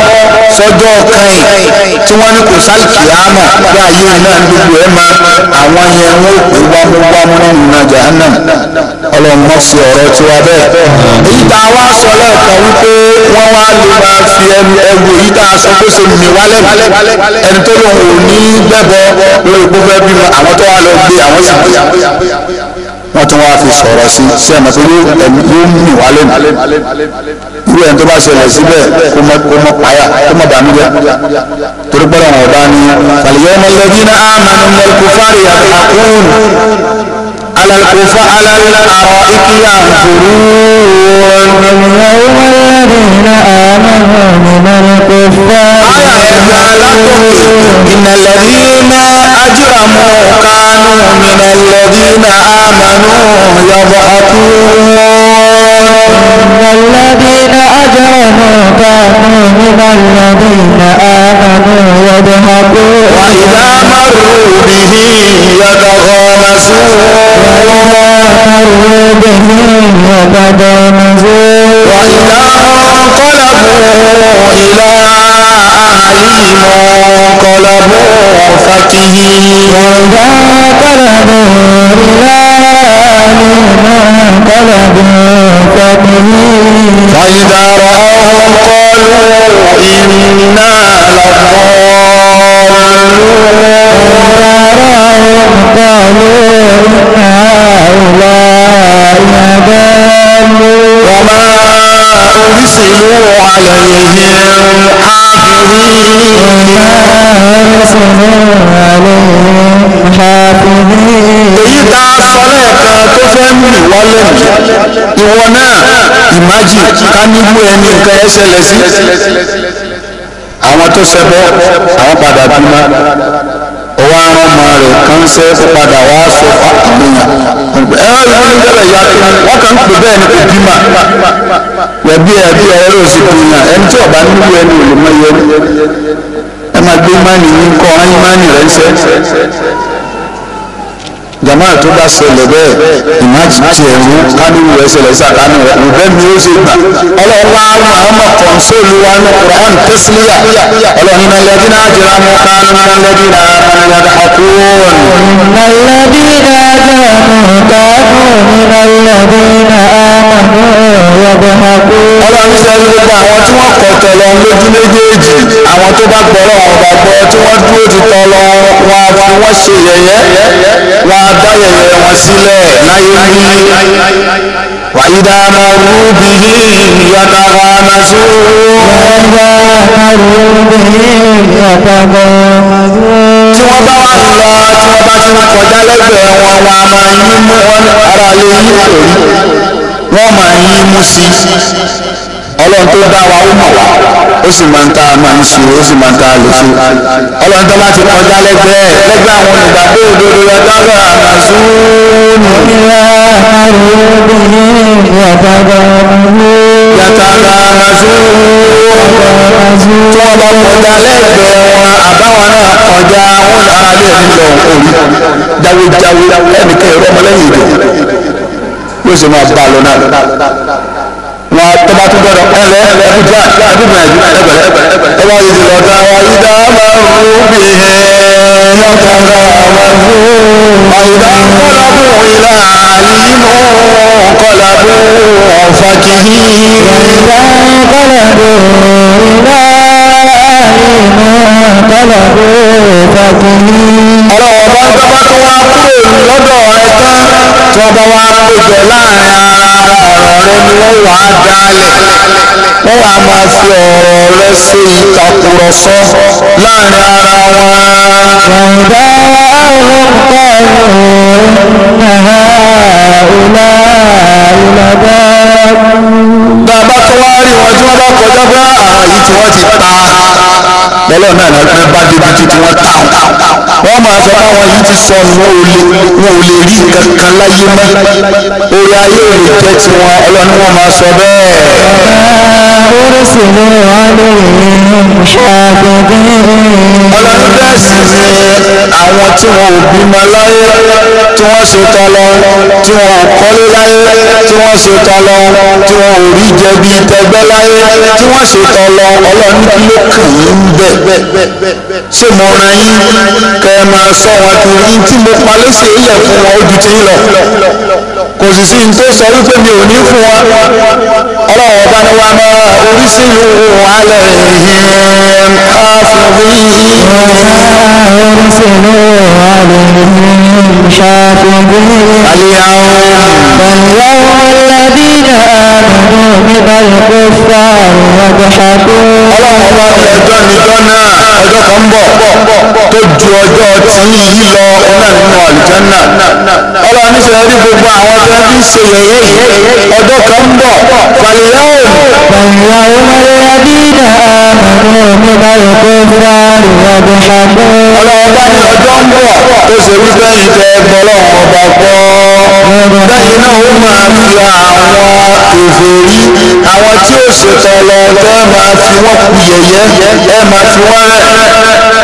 sọ́jọ́ kẹ́yìn tí wọ́n ní kò sálìkìyàmà bí ayé náà gbogbo ẹ̀ máa àwọn yẹn wọ́n pè wámúwámú náà nàjà náà ọlọ́run mọ̀ sí ọ̀rọ̀ tiwa bẹ́ẹ̀ èyí tá a wá sọ lọ́ lẹ́ẹ̀kan wípé wọ́n wá lè máa fi ẹnu ẹrù èyí tá a sọ pé ṣe mì wálẹ̀ ẹni tó lòun ò ní bẹ́bọ lórí pé fẹ́ bímọ àwọn tó wà lọ gbé àwọn sì wọ́n tún wá fi sọ̀rọ̀ sí sí ẹ̀mọ́ pé yóò mì wálẹ̀ irú ẹni tó bá ṣẹlẹ̀ síbẹ̀ kó mọ kó mọ páyà kó mọ bànújẹ́ torí pé ọ̀rọ̀ ọ̀dá ni fàlìyẹ́ ọmọ lẹ́bí náà á máa ń mọ ikú fárí àkókò على الكفاء على الأرائك ينظرون اليوم الذين آمنوا من الكفار إن الذين أجرموا كانوا من الذين آمنوا يضحكون إن الذين أجرموا كانوا من الذين آمنوا يضحكون وإذا مروا به يتغامزون وإذا مروا به يتغامزون وإذا انقلبوا إلى انقلبوا فكهين وإذا انقلبوا إلى أهلهم انقلبوا فكهين فإذا رأوهم قالوا إنا لضالون وما أرسلوا عليه ìwọ náà ìmájì ká níwú ẹni nǹkan ẹ ṣẹlẹ̀ sí àwọn tó ṣẹbọ àwọn padà bímọ ọwọ́ àwọn ọmọ rẹ̀ kan ṣe é padà wá sọ fáwọn èèyàn ẹ wọ́n ní bẹ́ẹ̀ ya kí wọ́n kàn ń pè bẹ́ẹ̀ ni kò bímọ ẹbí ẹbí ẹ ló sì bímọ ẹni tí ọba níwú ẹni ò lè mọ iye ẹ máa gbé mánì yín kọ́ ọ́n mánì rẹ̀ ń ṣe jamaa tó bá ṣẹlẹ̀ bẹ́ẹ̀ ìmájì tiẹ̀ mú kánìwò rẹ̀ ṣẹlẹ̀ sí àkánìwò rẹ̀ ọ̀bẹ mi ó ṣe gbà ọlọ́wọ́ àwọn ọmọ kọ̀ǹsóòlù wa ní Qur'an tẹ́sílíà ọlọ́ni náà lẹ́bí náà jẹ́ra mú kánú náà náà kánú náà kú náà jẹ́ mú kánú nínú náà ámàlú ọ̀yọ́gbẹ́ máa kú. ọlọ́run ṣe gbogbo àwọn tí wọ́n kọ̀ tọ̀lọ lójú méjèèjì àwọn tó bá gbọ́rọ̀ dáyẹyẹ wọn sílẹ̀ láyé bí wàyídá marú bí yàtàrà màsú. wàyídá marú bí yàtàrà màsú. tí wọ́n bá wà ń lọ tí wọ́n bá ti ń kọjá lẹ́gbẹ̀ẹ́ wọn wọn a máa yín mú wọn ara lè yí torí wọ́n máa yín mú sí i ọlọ́run tó dá wa ó mọ̀ wá ó sì máa ń tá a máa ń ṣe ó sì máa ń tá a lè ṣe ọlọ́run tó bá ti kọjá lẹ́gbẹ̀ẹ́ lẹ́gbẹ̀ẹ́ àwọn olùgbàgbé òdodo ọ̀dọ́gba àmàzúnù. yàtà àmàzúnù tí wọ́n bá kọjá lẹ́gbẹ̀ẹ́ wọn àbáwọn náà kọjá wọn lára lè ń lọ òní jáwéjáwé ẹnìkan ìrọmọlẹ́yìn ìjọ yóò ṣe máa bá a lọ náà wọn tọba tó gbọ́dọ̀ ẹlẹ ẹkújà ẹkúgbìyànjú ẹgbẹrẹ tọba yìí lọ ta wa ìdá máa ń rú bí i lọ́tà ra wa rú. ọ̀yìnbá kọlọ́bù ìlà àlìmọ́ kọlọ́bù ọ̀fàkìhì. ìlà kọlọ́bù ìlà àlìmọ́ kọlọ́bù ọ̀fàkìhì ọlọ́wọ́ bá ń sábà tó wá kúrò lọ́dọ̀ ẹ tí wọ́n bá wá péjọ láàrin ara rẹ ni wọ́n wàá dálẹ̀ wọ́n wàá máa fi ọ̀rọ̀ rẹ ṣe ìtàkùrọ̀sọ láàrin ara wọn. Ìgbà àwọn ọ̀pọ̀ ìlà ìlà dá. Tá a bá tún wá rí wọn tí wọ́n bá kọjá pé àyè ah, tí wọ́n ti ta. Bọ́lá náà náà. ti sọnù wọn ò lè wọn ò lè rí kankan láyé mọ́ orí ayé ò lè jẹ́ tiwọn ọlọ́ni wọn máa sọ bẹ́ẹ̀. oríṣiríṣi wàhálà ìrìn ṣàgbọ̀dẹ́. ọlọ́ni bẹ́ẹ̀ sì ni àwọn tí wọn ò bímọ láyé tí wọ́n ṣe tọ́lọ tí wọn ò kọ́lé láyé tí wọ́n ṣe tọ́lọ tí wọn ò rí jẹ bíi tẹgbẹ́ láyé tí wọ́n ṣe tọ́lọ ọlọ́ni kí ló kàn yín bẹ́ẹ̀ ṣé mo ràn yín kẹ́ ẹ máa sọ wọn kiri tí mo pa lẹ́sẹ̀ yẹ̀ fún wọn ó ju ti lọ kò sì sí tó sọ wípé mi ò ní fún wa ọlọ́wọ́ bá ní wa máa oríṣi ìhòòhò alẹ́ ìhìn káfíńbí. oríṣi ìhòòhò alẹ́ ìhìn ṣàfihàn. àlìyàwó. ọ̀nìyàwó الذين آمنوا من الكفار وضحكوا. ọlọ́wọ́ bá ní ẹjọ́ níjọ́ náà ọjọ́ kan ń bọ̀ tó ju ọjọ́ tí yìí lọ ọ̀nà nínú àlùjànnà. ọlọ́wọ́ ní sẹ́yìn rí gbogbo àwọn bí ṣe yẹ̀yẹ́ yìí ọjọ́ kan ń bọ̀ fàlìyàwó. fàlìyàwó mọ̀lẹ́ bídà àmọ́ mi bá yọ fúra rẹ̀ ọdún lágbó. ọlọ́wọ́ bá ọjọ́ ń bọ̀ tó ṣe wí sẹ́yìn tẹ bọ́lọ́wọ́ ọba gbọ́. lẹ́yìn náà ó máa fi àwọn kèfèrí àwọn tí ò ṣètò ọlọ́ọ̀tẹ́ máa fi wọ́n kú yẹ̀yẹ́ ẹ máa fi wọ́n rẹ̀.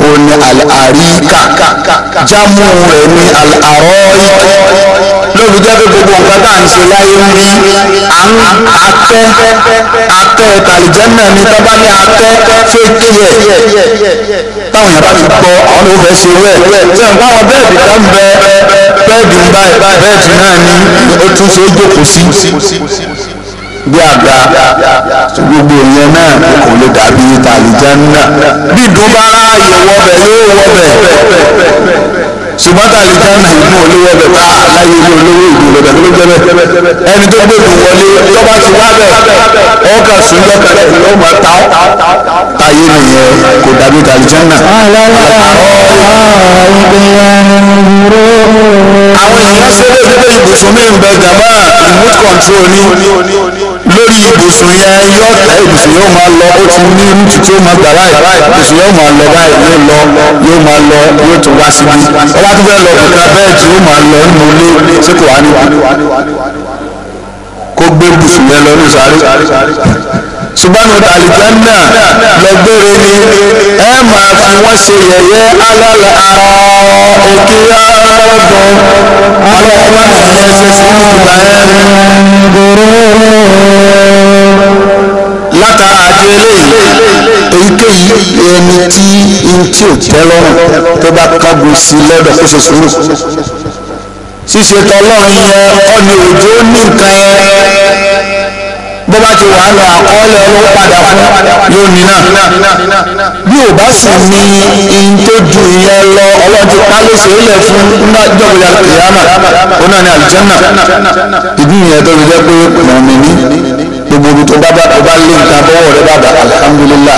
ó ní àríkà jámù rẹ̀ ní àrọ́ọ̀yì lóbi jẹ́ pé gbogbo nǹkan tá à ń ṣe láyé ń rí à ń atẹ́ atẹ́ tàlìjẹ́nà ni tọ́ba ní atẹ́ fèkì yẹ táwọn yàrá ti gbọ́ àwọn ló fẹ́ ṣe wẹ̀ ṣe ń báwọn bẹ́ẹ̀dì kan ń bẹ bẹ́ẹ̀dì ń báyìí bẹ́ẹ̀dì náà ni ó tún ṣe é jókòó sí bí àga gbogbo yẹn náà kò lè dàbí tàlìjẹ́ náà bí dùn bá ráàyè wọbẹ̀ yóò wọbẹ̀ ṣùgbọ́n tá a lè dáná ìgbó olówó ẹbẹ̀ bá láyé ìgbó olówó ìgbó ẹbẹ̀ tó ló jẹ́ bẹ́ẹ̀ ẹni tó gbé ìgbó wọlé tó bá ti wá bẹ́ẹ̀ ọkà sùnjọ́ kalẹ̀ yóò máa ta ọ́ táyé nìyẹn kò dàbí tàbí jẹ́nà. àwọn èèyàn ṣe é lè gbé ibùsùn mi ń bẹ jàmbá remote control ní lórí ibùsùn yẹn yóò tẹ ibùsùn yóò máa lọ ó ti ní rútù tí ó máa gbà báyìí ibùsùn yóò máa lọ báyìí yóò lọ yóò máa lọ yóò tún wá síbi ọba tó fẹ́ lọ kùkà bẹ́ẹ̀ tí ó máa lọ nínú ilé tí kò wá ní kó gbé ibùsùn yẹn lọ ní sáré ṣùgbọ́n àlìjánná lọ́gbére ni ẹ máa fi wọ́n ṣe yẹ̀yẹ́ alálẹ̀ ara òkè arọ́gbọ̀n alọ́kọ́lá ìyẹn ṣe sí ìtura ẹ̀. látara àti eléyìí èyíkéyìí ẹni tí n tí ò tẹ́ lọ́rùn tó bá kágun sí lọ́dọ̀ kó ṣe ṣíṣe tọ́lọ́run yẹn ọ̀nà òjò ní nǹkan yẹn bó bá ti wà nù àkọọ́lẹ̀ ọlọ́wọ́ padà fún yóò ní náà bí ò bá sì ní in tó ju ìyẹn lọ ọlọ́run ti pa lóṣè ilẹ̀ fún nígbàjọba kìyàmà ó náà ní àlùjànnà ìdí ìyẹn tó fi jẹ́ pé mọ̀mí ní gbogbo ibi tó bá bá tó bá lé nǹkan bọ́wọ́ rẹ bá bá alihamudulila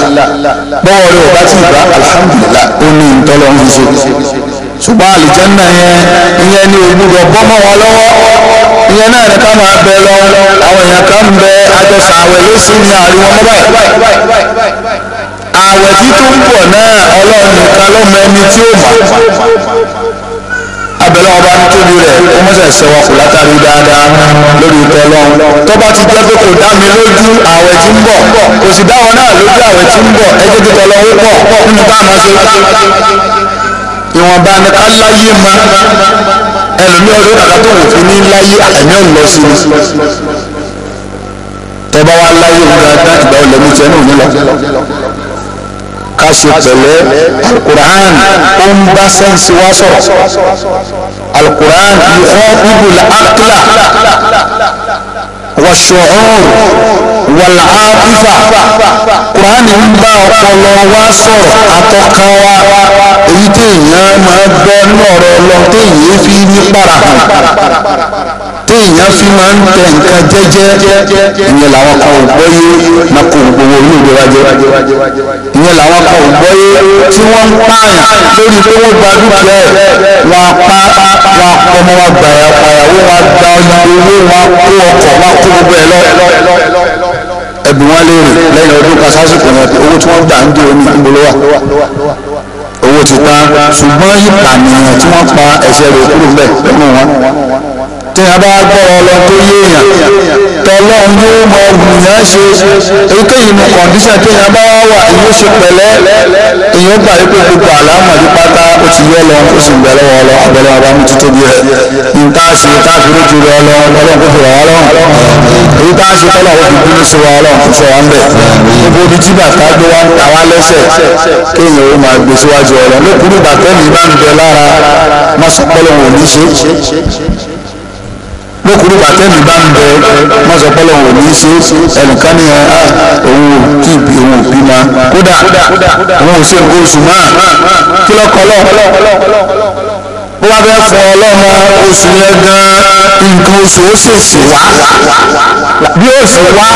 bọ́wọ́ rẹ ò bá ti bá alihamudulila ó ní ìtọ́lọ́ ń fi ṣe ṣùgbọ́n àlùjànnà yẹn ìyẹn ni ògbúdọ̀ ìyẹn náà ní ká máa bẹ lọ àwọn èèyàn kan bẹ àjọsà àwẹ̀ lóṣù ní àríwọ̀ mọ́báyìí àwẹ̀ títún pọ̀ náà ọlọ́run nìkan ló mọ ẹni tí ó mọ̀ abẹ́lẹ́ ọba ń tóbi rẹ̀ ó mọ̀sẹ̀ sẹ́wọ́ kò látàrí dáadáa lórí ìtọ́lọ́run tó bá ti jẹ́ pé kò dá mi lójú àwẹ̀ tí ń bọ̀ kò sì dá wọn náà lójú àwẹ̀ tí ń bọ̀ ẹjẹ́ ti tọ́lọ́ ó pọ̀ nínú táwọn ṣe ìwọ̀nba ni ká láyé mọ́ ẹlòmíì ọdún kàkà tó wò fún ní láyé ẹ̀mí ọ̀n lọ sí ni tọ́ba wa láyé òun dáadáa ìgbà ọ̀lẹ́ mi tẹ́ náà nílọ ká ṣe pẹ̀lẹ́ alukur'an ó ń bá sẹ́ǹsì wá sọ̀rọ̀ alukur'an yìí fọ́ ibùdó àkìlà wàṣọ̀ọ́rù wàlàáfífà kùránì ń bá ọpọlọ wa sọ̀rọ̀ atọ́ka wa èyí téèyàn máa gbọ́ nọ̀rọ̀ lọ téèyàn fi ní pàràkàn téèyàn fi máa ń tẹ nǹkan jẹ́jẹ́ ìyẹn làwọn kan ò gbọ́ yé máa kó gbogbo olóògbé wa jẹ́ ìyẹn làwọn kan ò gbọ́ yé tí wọ́n ń pààyàn lórí pé wọ́n gba dúkìá ẹ̀ wọ́n pa wọ́n pọmọ wọn gbà ẹ̀ pàyàwó wọn gba ìdòwò wọn kó ọkọ̀ wọn kó gbogbo ẹ̀ lọ ẹ̀bùn wọn léèrè lẹ́yìn ọdún kan sásìkò yẹn owó tí wọ́n gbà ń dé omi ìgbòlówà owó ti pa ṣùgbọ́n ìpànìyàn tí wọ́n pa ẹ̀ṣẹ̀ rẹ̀ kúrò bẹ́ẹ̀ lọ́nà wọn tí a bá gbọ́ ọlọ tó yéèyàn tọlọ́run yóò mọ ògùnyàn ṣe èyíkéyìí nu kọ̀ǹdíṣàn tí èèyàn bá wà wà yóò ṣe pẹ̀lẹ́ èèyàn gbà wípé gbogbo àlámọ̀dé pátá ó ti yẹ lọ ó sì gbẹ̀rẹ̀ wọ lọ abẹ́rẹ́ ọba mi ti tóbi rẹ̀ ní tá a ṣe tá a fi lójú rẹ̀ lọ ọlọ́run kò fi wà wá lọ́rùn èyí tá tọ́lọ̀ ó fi bínú sí wa ọlọ́run kò sọ ń bẹ̀ gbogbo ibi tí bàtà gbé ń ta wá lẹ́sẹ̀ kéèyàn ó máa gbé síwájú ọlọ́run lókùnrin bàtẹ́ni bá ń bẹ lára má sọ pé ọlọ́run ò ní ṣe lókùrú bàtẹ́ẹ̀mì bá ń bẹ wọ́n sọ pé lọ́wọ́ ní í ṣe ẹnìkan ní ẹ òun ò tí ì òun ò bí ma kódà òun ò ṣe nǹkan oṣù máa kí lọ́kọ́ lọ́ bó bá fẹ́ fún ọ lọ́mọ oṣù yẹn gan nǹkan oṣù ó ṣèṣì wá bí ó sì wá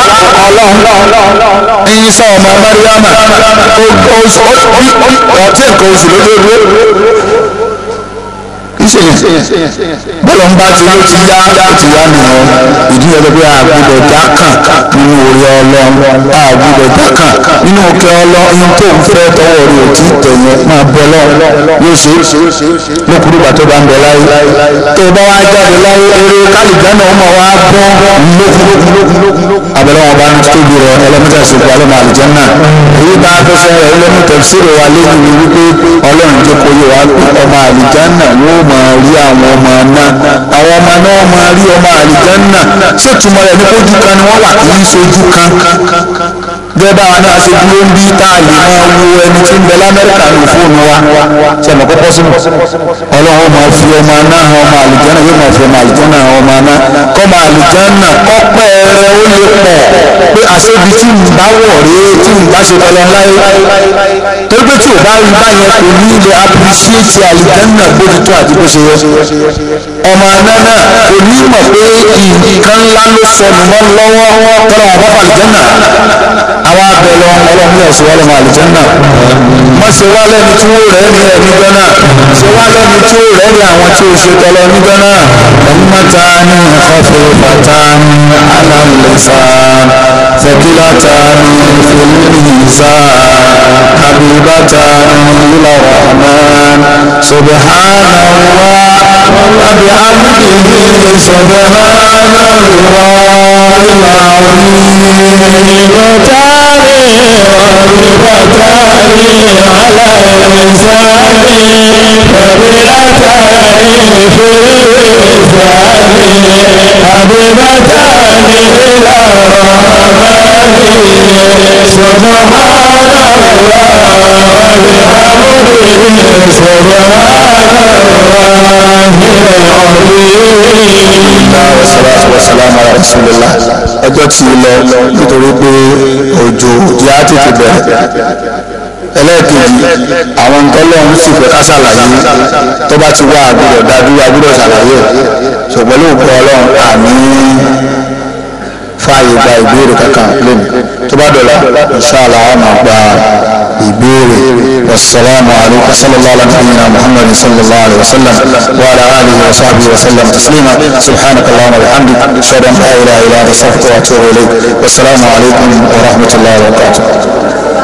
ọlọ́run ẹyin sọ ọmọ mariama ọtí nǹkan oṣù lójoojúmọ́ ṣèyàn bọ́lá ń bá ti ló ti yá ó ti yá nìyẹn ìdí yẹn lọ́pẹ́ àgbọ̀dọ̀ dákàn nínú orí ọlọ́run àgbọ̀dọ̀ dákàn nínú òkè ọlọ́run tó ń fẹ́ tọwọ́ rẹ̀ ò tí ì tẹ̀yẹn máa bẹ lọ́run yóò ṣe lókùrú bàtọ́ bá ń bẹ láyé tó bá wá jáde láyé eré kálíjánà ó mọ̀ wá bọ́ lókùrú abẹ́rẹ́ wọn bá ń tóbi rẹ ẹlẹ́mìtà ṣètò alẹ́ àlùjànnà èyí bá a fẹsẹ̀ ẹlẹ́mìtà ṣèrò wa lẹ́yìn wípé ọlọ́run jẹ́ kó yẹ wá ọmọ àlùjànnà yóò mọ máa rí àwọn ọmọ náà àwọn ọmọ náà máa rí ọmọ àlìjánná ṣé ìtumọ̀ rẹ̀ ní kójú kan ni wọ́n wà kí í ṣojú kan gẹ́gẹ́ báwa náà ṣe dúró ń bí tá a lè máa wo ẹni tí ń bẹ lamẹ́ríkà ní fóònù wa ṣe mọ̀ kọ́kọ́ sínú ọlọ́run máa fi ọmọ náà ọmọ àlìjánná yóò máa fi ọmọ àlìjánná ọmọ náà kọ́mọ àlìjánná kọ́pẹ́ rẹ ó lè pọ̀ pé àṣebi tí ń bá wọ̀ rèé tí ń bá ṣe tọ́lọ́ láyé torí pé tí o bá rí báyẹn kò ní ilé apírísíétì àlìjánná bó ti tó àti bó ṣe yẹ ọmọ àná náà kò ní mọ̀ pé nǹkan ńlá ló sọnù mọ́ lọ́wọ́ tọ́lá wọn bá àlìjánná àwọn abẹ lọ ọlọ́run náà ṣe wá lọ́mọ àlìjánná má ṣe wá lẹ́ni tí ó rẹ̀ ní ẹ̀mí gbọ́nà ṣe wá lẹ́ni tí ó rẹ̀ ní àwọn tí ó ṣe tọ́lọ ní gbọ́nà ọmọta ní ìkọ́fẹ́ bàtà ní alámùlẹ́sà tẹ̀kílátà ní ìfòlùmí ìsáà. عاقبة إلى الرحمن سبحان الله وبحمده سبحان الله العظيم وتاري على الإنسان فبلتان في الإنسان حبيبتان إلى الرحمن ẹjọ́ ti lọ nítorí pé òjò òjò á tètè bẹ̀rẹ̀ ẹlẹ́ẹ̀kejì àwọn tọ́lọ́run sì fẹ́ ká ṣàlàyé tó bá ti wá àgbọ̀dọ̀ dájú àgbọ̀dọ̀ ṣàlàyé ṣùgbọ́n lóògùn ọlọ́run àmín fààyè gba ìbéèrè kankan lónìí tó bá dọ̀la inṣàlá a máa gba ìbéèrè wasalaamu alaykum sallallahu alayhi wa sallam muhammadu sallallahu alayhi wa sallam wa ala alihi wa sahbihi wa sallam taslima subhanaka allahumma wa bihamdik shada la ilaha illa anta astaghfiruka wa atubu ilayk wasalaamu alaykum wa rahmatullahi wa barakatuh